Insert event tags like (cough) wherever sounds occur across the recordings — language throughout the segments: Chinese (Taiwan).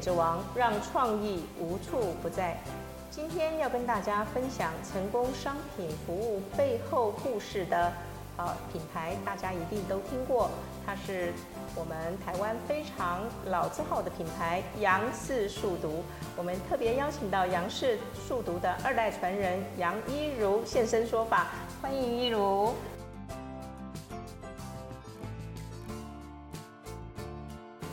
之王，讓創意無處不在。今天要跟大家分享成功商品服務背後故事的呃品牌，大家一定都聽過，它是我們台灣非常老字號的品牌——楊氏速讀。我們特別邀請到楊氏速讀的二代傳人楊一如現身說法，歡迎一如。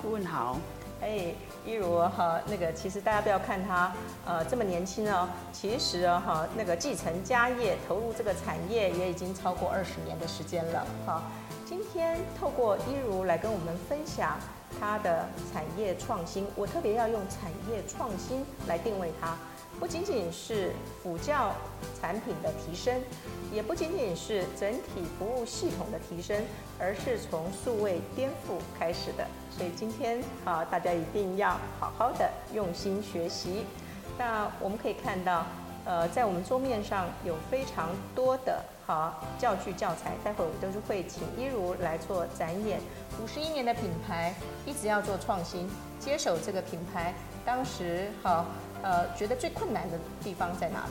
顧問好。哎，hey, 一如哈，那個其實大家不要看他，呃，這麼年輕哦。其實哈、哦，那個繼承家業、投入這個產業也已經超過二十年的時間了。好，今天透過一如來跟我們分享他的產業創新。我特別要用產業創新來定位它，不僅僅是補教產品的提升，也不僅僅是整體服務系統的提升，而是從數位顛覆開始的。所以今天好大家一定要好好的用心學習。那我們可以看到，呃，在我們桌面上有非常多的好教具教材。待會我們都是會請一如來做展演。五十一年的品牌，一直要做創新。接手這個品牌，當時哈，呃，覺得最困難的地方在哪裡？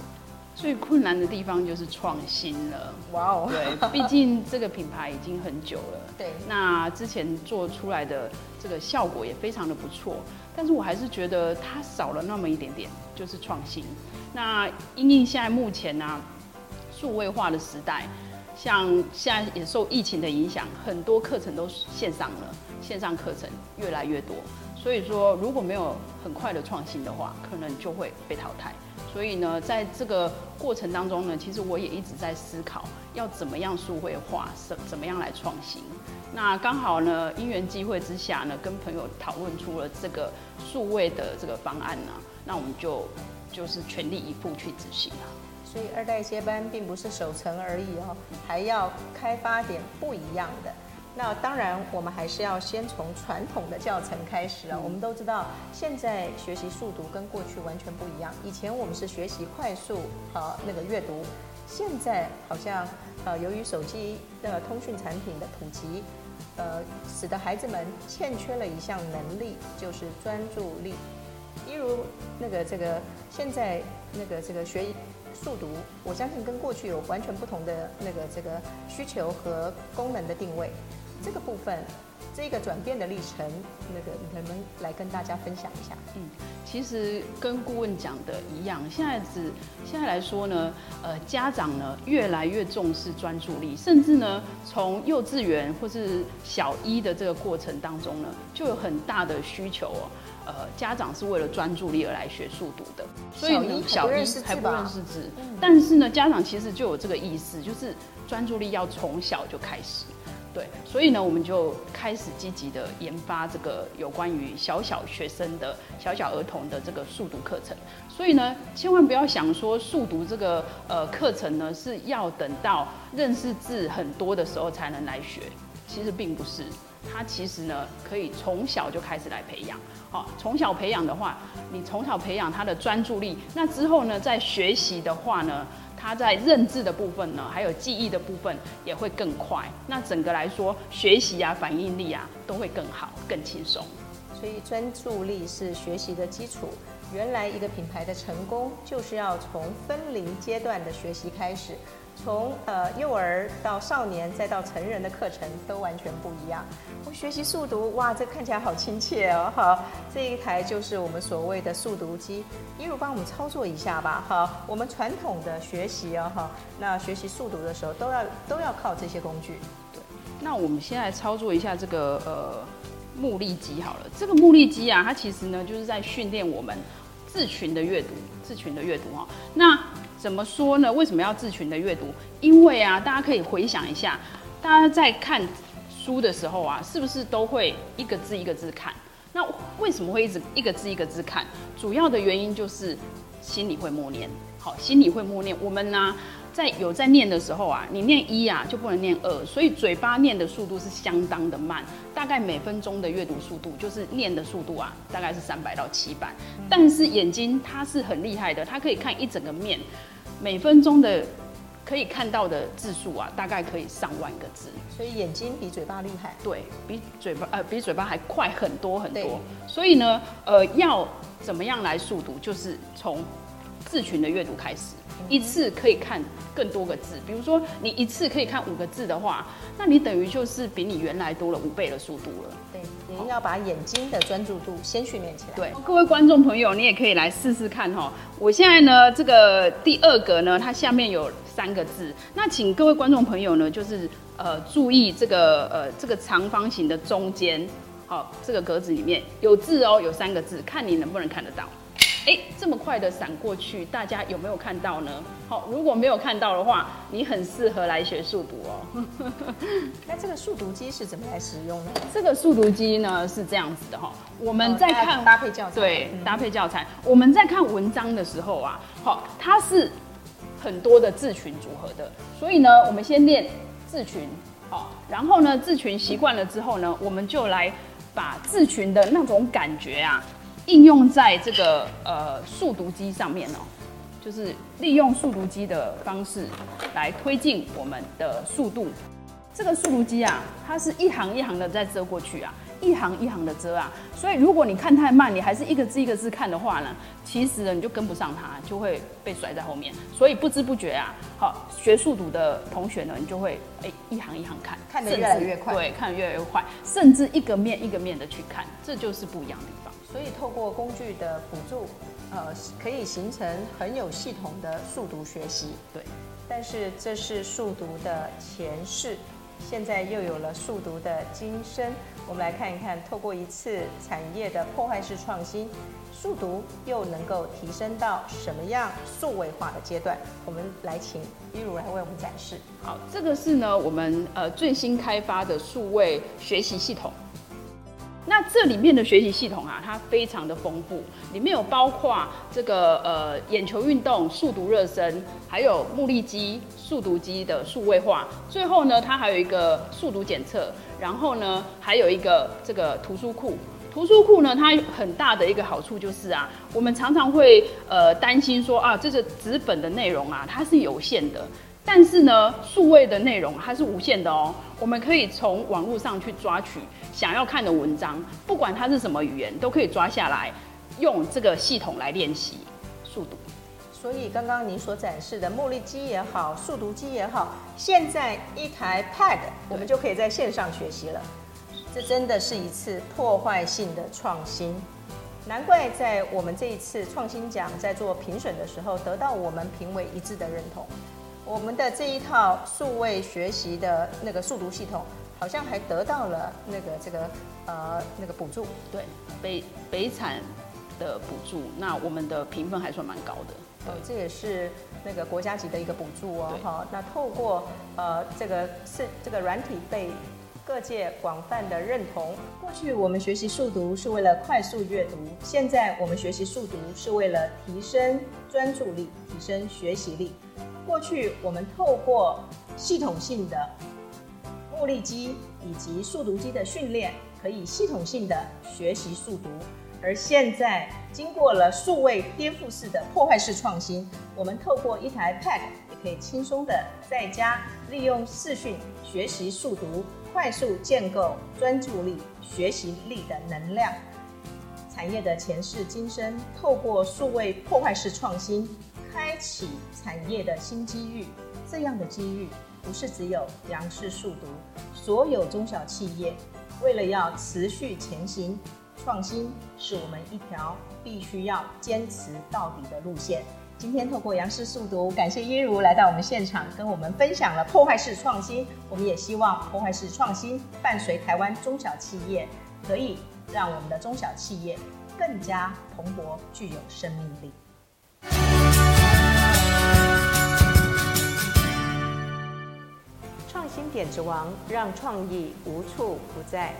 最困難的地方就是創新了。哇哦 Wow，對，畢竟這個品牌已經很久了。 (laughs) 對，那之前做出來的這個效果也非常的不錯，但是我還是覺得它少了那麼一點點，就是創新。那因應現在目前啊，數位化的時代，像現在也受疫情的影響，很多課程都線上了，線上課程越來越多，所以說如果沒有很快的創新的話，可能就會被淘汰。所以呢，在這個過程當中呢，其實我也一直在思考要怎麼樣數位化，什怎麼樣來創新。那剛好呢，因緣際會之下呢，跟朋友討論出了這個數位的這個方案呢，啊，那我們就就是全力以赴去執行了。所以二代接班並不是守成而已哦，還要開發點不一樣的。那當然，我們還是要先從傳統的教程開始了。我們都知道，現在學習速讀跟過去完全不一樣。以前我們是學習快速和、呃、那個閱讀，現在好像呃，由於手機的通訊產品的普及，呃，使得孩子們欠缺了一項能力，就是專注力。例如那個這個現在那個這個學。速讀，我相信跟過去有完全不同的那個這個需求和功能的定位。這個部分，這個轉變的歷程，那個你能不能來跟大家分享一下？嗯，其實跟顧問講的一樣，現在只現在來說呢，呃，家長呢越來越重視專注力，甚至呢從幼稚園或是小一的這個過程當中呢，就有很大的需求哦、喔。呃，家長是為了專注力而來學速讀的，所以你小一才不認識字,還不認識字。但是呢，家長其實就有這個意思，就是專注力要從小就開始。對，所以呢，我們就開始積極的研发這個有關於小小學生的、小小兒童的這個速讀課程。所以呢，千萬不要想說速讀這個呃課程呢是要等到認識字很多的時候才能來學，其實并不是。他其實呢，可以從小就開始來培養。好、哦，從小培養的話，你從小培養他的專注力，那之後呢，在學習的話呢，他在認知的部分呢，還有記憶的部分也會更快。那整個來說，學習啊，反應力啊，都會更好、更輕鬆。所以專注力是學習的基礎。原來一個品牌的成功，就是要從分齡階段的學習開始。從呃幼兒到少年再到成人的課程都完全不一樣。我學習速讀，哇，這看起來好親切哦！哈，這一台就是我們所謂的速讀機。一如幫我們操作一下吧，好。我們傳統的學習哦。哈，那學習速讀的時候都要都要靠這些工具。對，那我們先來操作一下這個呃目力機好了。這個目力機啊，它其實呢就是在訓練我們字群的閱讀，字群的閱讀哈，哦。那怎麼說呢？為什麼要字群的閱讀？因為啊，大家可以回想一下，大家在看書的時候啊，是不是都會一個字一個字看？那為什麼會一直一個字一個字看？主要的原因就是心裡會默念，好，心裡會默念，我們呢、啊？在有在念的時候啊，你念一啊就不能念二，所以嘴巴念的速度是相當的慢，大概每分鐘的閱讀速度就是念的速度啊，大概是三百到七百。嗯、但是眼睛它是很厲害的，它可以看一整個面，每分鐘的可以看到的字數啊，大概可以上萬個字。所以眼睛比嘴巴厲害。對，比嘴巴呃比嘴巴還快很多很多。對所以呢，呃，要怎麼樣來速讀，就是從字群的閱讀開始。一次可以看更多個字，比如說你一次可以看五個字的話，那你等於就是比你原來多了五倍的速度了。對，你要把眼睛的專注度先訓練起來。對，各位觀眾朋友，你也可以來試試看哈。我現在呢，這個第二格呢，它下面有三個字，那請各位觀眾朋友呢，就是呃注意這個呃這個長方形的中間，好，這個格子裡面有字哦，有三個字，看你能不能看得到。哎、欸，這麼快的閃過去，大家有沒有看到呢？好、喔，如果沒有看到的話，你很適合來學速讀哦、喔。 (laughs) 那這個速讀機是怎麼來使用的呢？這個速讀機呢是這樣子的哈、喔，我們在看、嗯嗯、搭配教材，對，嗯、搭配教材。我們在看文章的時候啊，好、喔，它是很多的字群組合的，所以呢，我們先練字群，哦、喔，然後呢，字群習慣了之後呢，嗯、我們就來把字群的那種感覺啊。應用在這個呃速讀機上面哦，就是利用速讀機的方式來推進我們的速度。這個速讀機啊，它是一行一行的在遮過去啊，一行一行的遮啊。所以如果你看太慢，你還是一個字一個字看的話呢，其實呢你就跟不上它，就會被甩在後面。所以不知不覺啊，好學速讀的同學呢，你就會哎，一行一行看，看得越來越快，對，看得越來越快，甚至一個面一個面的去看，這就是不一樣的地方。所以，透過工具的輔助，呃，可以形成很有系統的速讀學習。對，但是這是速讀的前世，現在又有了速讀的今生。我們來看一看，透過一次產業的破壞式創新，速讀又能夠提升到什麼樣數位化的階段？我們來請一如來為我們展示。好，這個是呢我們呃最新開發的數位學習系統。那這裡面的學習系統啊，它非常的豐富，裡面有包括這個呃眼球運動、速讀熱身，還有目力機、速讀機的數位化，最後呢，它還有一個速讀檢測，然後呢，還有一個這個圖書庫。圖書庫呢，它有很大的一個好處就是啊，我們常常會呃擔心說啊，這個紙本的內容啊，它是有限的。但是呢，數位的內容它是無限的哦、喔，我們可以從網絡上去抓取想要看的文章，不管它是什麼語言，都可以抓下來，用這個系統來練習速讀。所以剛剛您所展示的茉莉機也好，速讀機也好，現在一台 Pad，我們就可以在線上學習了。對這真的是一次破壞性的創新，難怪在我們這一次創新獎在做評審的時候，得到我們評委一致的認同。我們的這一套數位學習的那個速讀系統，好像還得到了那個這個呃那個補助。對，北北產的補助。那我們的評分還算蠻高的。對，對這也是那個國家級的一個補助哦。對好，那透過呃這個是這個軟體被各界廣泛的認同。過去我們學習速讀是為了快速閱讀，現在我們學習速讀是為了提升專注力，提升學習力。過去我們透過系統性的目力機以及速讀機的訓練，可以系統性的學習速讀，而現在經過了數位顛覆式的破壞式創新，我們透過一台 Pad 也可以輕鬆的在家利用視訊學習速讀，快速建構專注力、學習力的能量。產業的前世今生，透過數位破壞式創新。開啟產業的新機遇，這樣的機遇不是只有楊氏速讀，所有中小企業為了要持續前行，創新是我們一條必須要堅持到底的路線。今天透過楊氏速讀，感謝一如來到我們現場，跟我們分享了破壞式創新。我們也希望破壞式創新伴隨台灣中小企業，可以讓我們的中小企業更加蓬勃，具有生命力。經典之王，讓創意無處不在。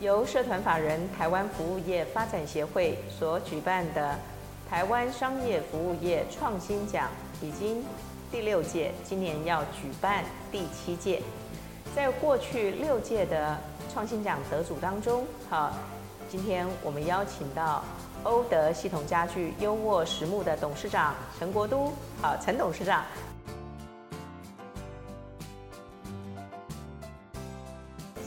由社團法人台灣服務業發展協會所舉辦的台灣商業服務業創新獎，已經第六屆，今年要舉辦第七屆。在過去六屆的創新獎得主當中，好，今天我們邀請到歐德系統家具優渥實木的董事長陳國都，好，陳董事長。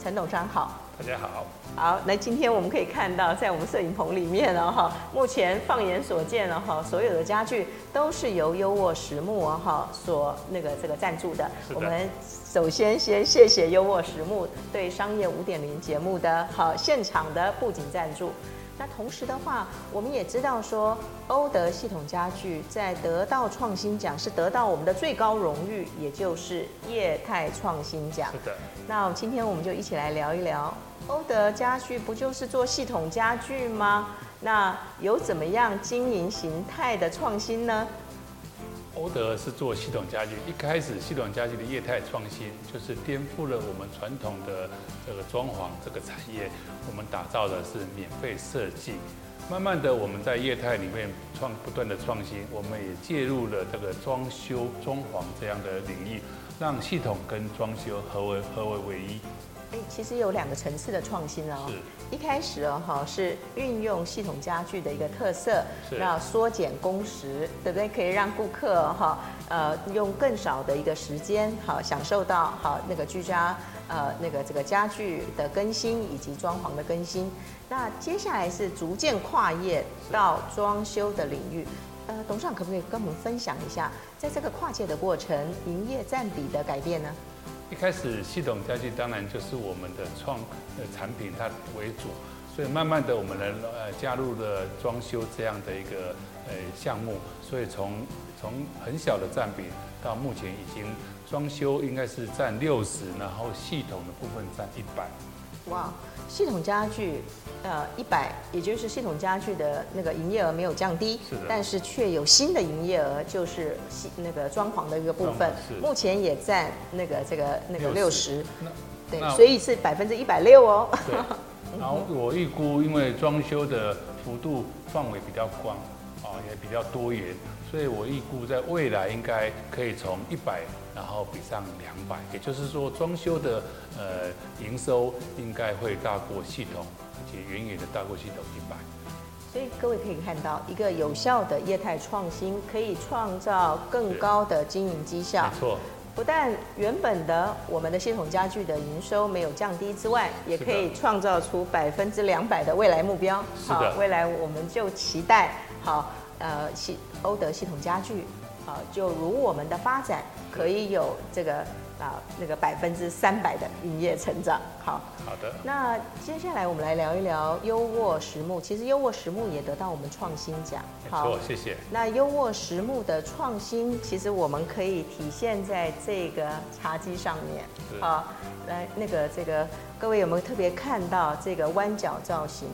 陳董事長好，大家好，好，那今天我們可以看到，在我們攝影棚裡面呢，哈，目前放眼所見了、哦、哈，所有的家具都是由優渥實木啊哈所那個這個贊助的。的我們首先先謝謝優渥實木對商業五點零節目的好現場的布景贊助。那同時的話，我們也知道說，歐德系統家具在得到創新獎，是得到我們的最高榮譽，也就是業態創新獎。是的。那今天我們就一起來聊一聊，歐德家具不就是做系統家具嗎？那有怎麼樣經營形態的創新呢？歐德是做系統家具，一開始系統家具的業態創新，就是顛覆了我們傳統的這個裝潢這個產業。我們打造的是免費設計，慢慢的我們在業態裡面創不斷的創新，我們也介入了這個裝修裝潢這樣的領域，讓系統跟裝修合為合為為一。哎，其實有兩個層次的創新哦。是一開始哦，好是運用系統家具的一個特色，那是縮減工時，對不對？可以讓顧客哈、哦，呃，用更少的一個時間，好、呃、享受到好、呃、那個居家呃那個這個家具的更新以及裝潢的更新。那接下來是逐漸跨業到裝修的領域。是呃，董事長可不可以跟我們分享一下，在這個跨界的過程，營業占比的改變呢？一開始系統家具當然就是我們的創呃產品它為主，所以慢慢的我們呃加入了裝修這樣的一個呃項目，所以從從很小的占比到目前已經裝修應該是占六十，然後系統的部分占一百。哇，wow，系統家具，呃，一百，也就是系統家具的那個營業額沒有降低，是的但是卻有新的營業額，就是那個裝潢的一個部分，是目前也佔那個這個那個六十那，對，我所以是百分之一百六哦。對嗯、哼然後我預估，因為裝修的幅度範圍比較廣，啊、哦，也比較多元。所以，我預估在未來應該可以從一百，然後比上兩百，也就是說，裝修的呃營收應該會大過系統，而且遠遠的大過系統一百，所以，各位可以看到，一個有效的業態創新可以創造更高的經營績效。沒錯。不但原本的我們的系統家具的營收沒有降低之外，也可以創造出百分之兩百的未來目標。是的。好，未來我們就期待好，呃，歐德系統家具，啊，就如我們的發展可以有這個是啊那個百分之三百的營業成長。好好的。那接下來我們來聊一聊優渥實木。其實優渥實木也得到我們創新獎。好，謝謝。那優渥實木的創新，其實我們可以體現在這個茶幾上面。好是，來、啊、那個這個，各位有沒有特別看到這個彎角造型？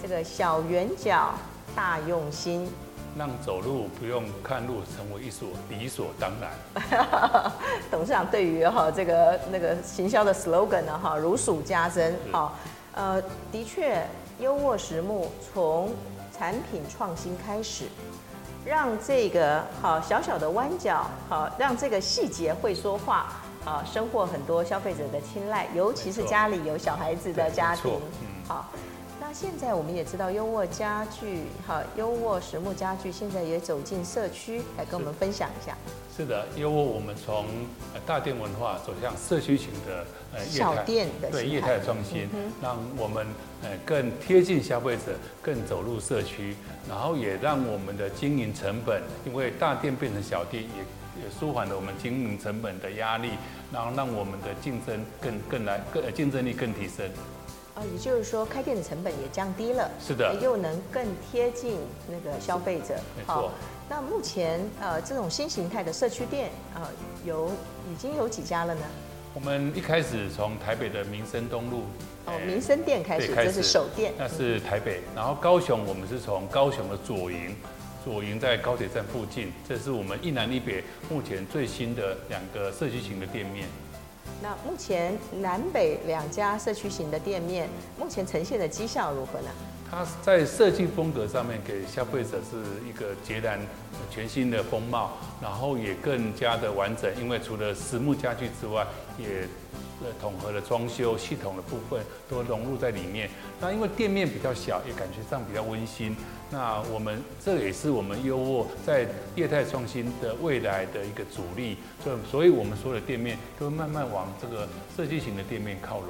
是這個小圓角大用心。讓走路不用看路成為一所理所當然。 (laughs) 董事長對於哈這個那個行銷的 slogan 呢哈如數家珍啊，呃，的確，優渥實木從產品創新開始，讓這個好小小的彎角好，讓這個細節會說話，好，收獲很多消費者的青睞，尤其是家裡有小孩子的家庭，嗯、好。那現在我們也知道優渥家具，哈，優渥實木家具現在也走進社區，來跟我們分享一下。是，是的，優渥我們從大店文化走向社區型的呃小店的對的業態創新，嗯、哼讓我們呃更貼近消費者，更走入社區，然後也讓我們的經營成本，因為大店變成小店，也也舒緩了我們經營成本的壓力，然後讓我們的競爭更更來，更競爭力更提升。也就是說，開店的成本也降低了。是的，又能更貼近那個消費者。沒錯。好，那目前呃，這種新形態的社區店啊、呃，有已經有幾家了呢？我們一開始從台北的民生東路、欸、哦，民生店開始，開始這是首店。那是台北。然後高雄我們是從高雄的左營，左營在高鐵站附近，這是我們一南一北目前最新的兩個社區型的店面。那目前南北兩家社區型的店面，目前呈現的績效如何呢？它在設計風格上面給消費者是一個截然全新的風貌，然後也更加的完整，因為除了實木家具之外，也統合的裝修系統的部分都融入在裡面。那因為店面比較小，也感覺上比較溫馨。那我們這也是我們優渥在業態創新的未來的一個主力。所以，所以我們所有的店面都會慢慢往這個設計型的店面靠攏。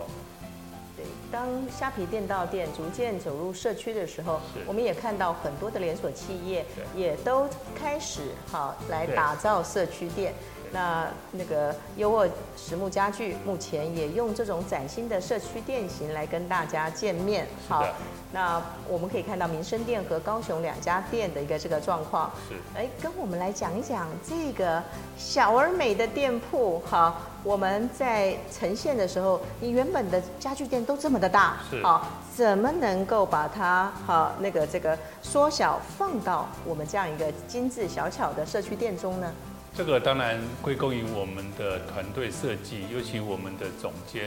對，當蝦皮店到店逐漸走入社區的時候，是我們也看到很多的連鎖企業也都開始好來打造社區店。對那那個優渥實木家具目前也用這種嶄新的社區店型，來跟大家見面。的好，那我們可以看到民生店和高雄兩家店的一個這個狀況。是，哎，跟我們來講一講這個小而美的店鋪。好，我們在呈現的時候，你原本的家具店都這麼的大。是，好，怎麼能夠把它好那個這個縮小放到我們這樣一個精緻小巧的社區店中呢？這個當然歸功於我們的團隊設計，尤其我們的總監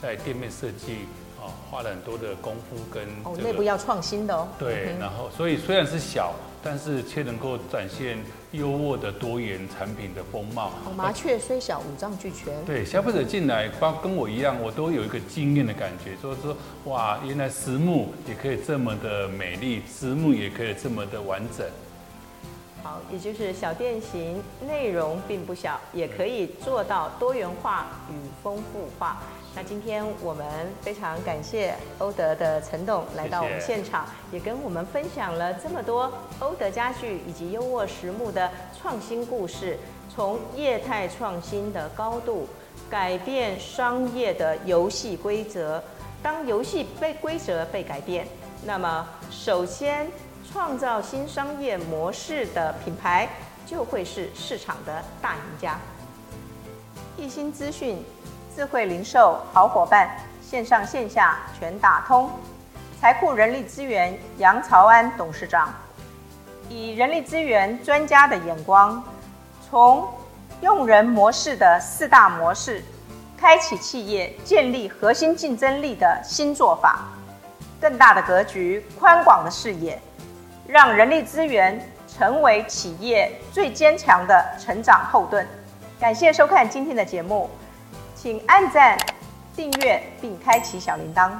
在店面設計啊、哦，花了很多的功夫跟、這個哦、內部要創新的哦。對，嗯、然後所以雖然是小，但是卻能夠展現優渥的多元產品的風貌。哦、麻雀雖小，五臟俱全。對，消費者進來，包括跟我一樣，我都有一個驚艷的感覺，說說哇，原來實木也可以這麼的美麗，實木也可以這麼的完整。好，也就是小店型，內容並不小，也可以做到多元化與豐富化。那今天我們非常感謝歐德的陳董來到我們現場，謝謝。也跟我們分享了這麼多歐德家具以及優渥實木的創新故事，從業態創新的高度改變商業的遊戲規則。當遊戲被規則被改變，那麼首先。創造新商業模式的品牌，就會是市場的大贏家。易新資訊，智慧零售好夥伴，線上線下全打通。財庫人力資源楊朝安董事長，以人力資源專家的眼光，從用人模式的四大模式，開啟企業建立核心競爭力的新做法，更大的格局，寬廣的視野。讓人力資源成為企業最堅強的成長後盾。感謝收看今天的節目，請按讚、訂閱並開啟小鈴鐺。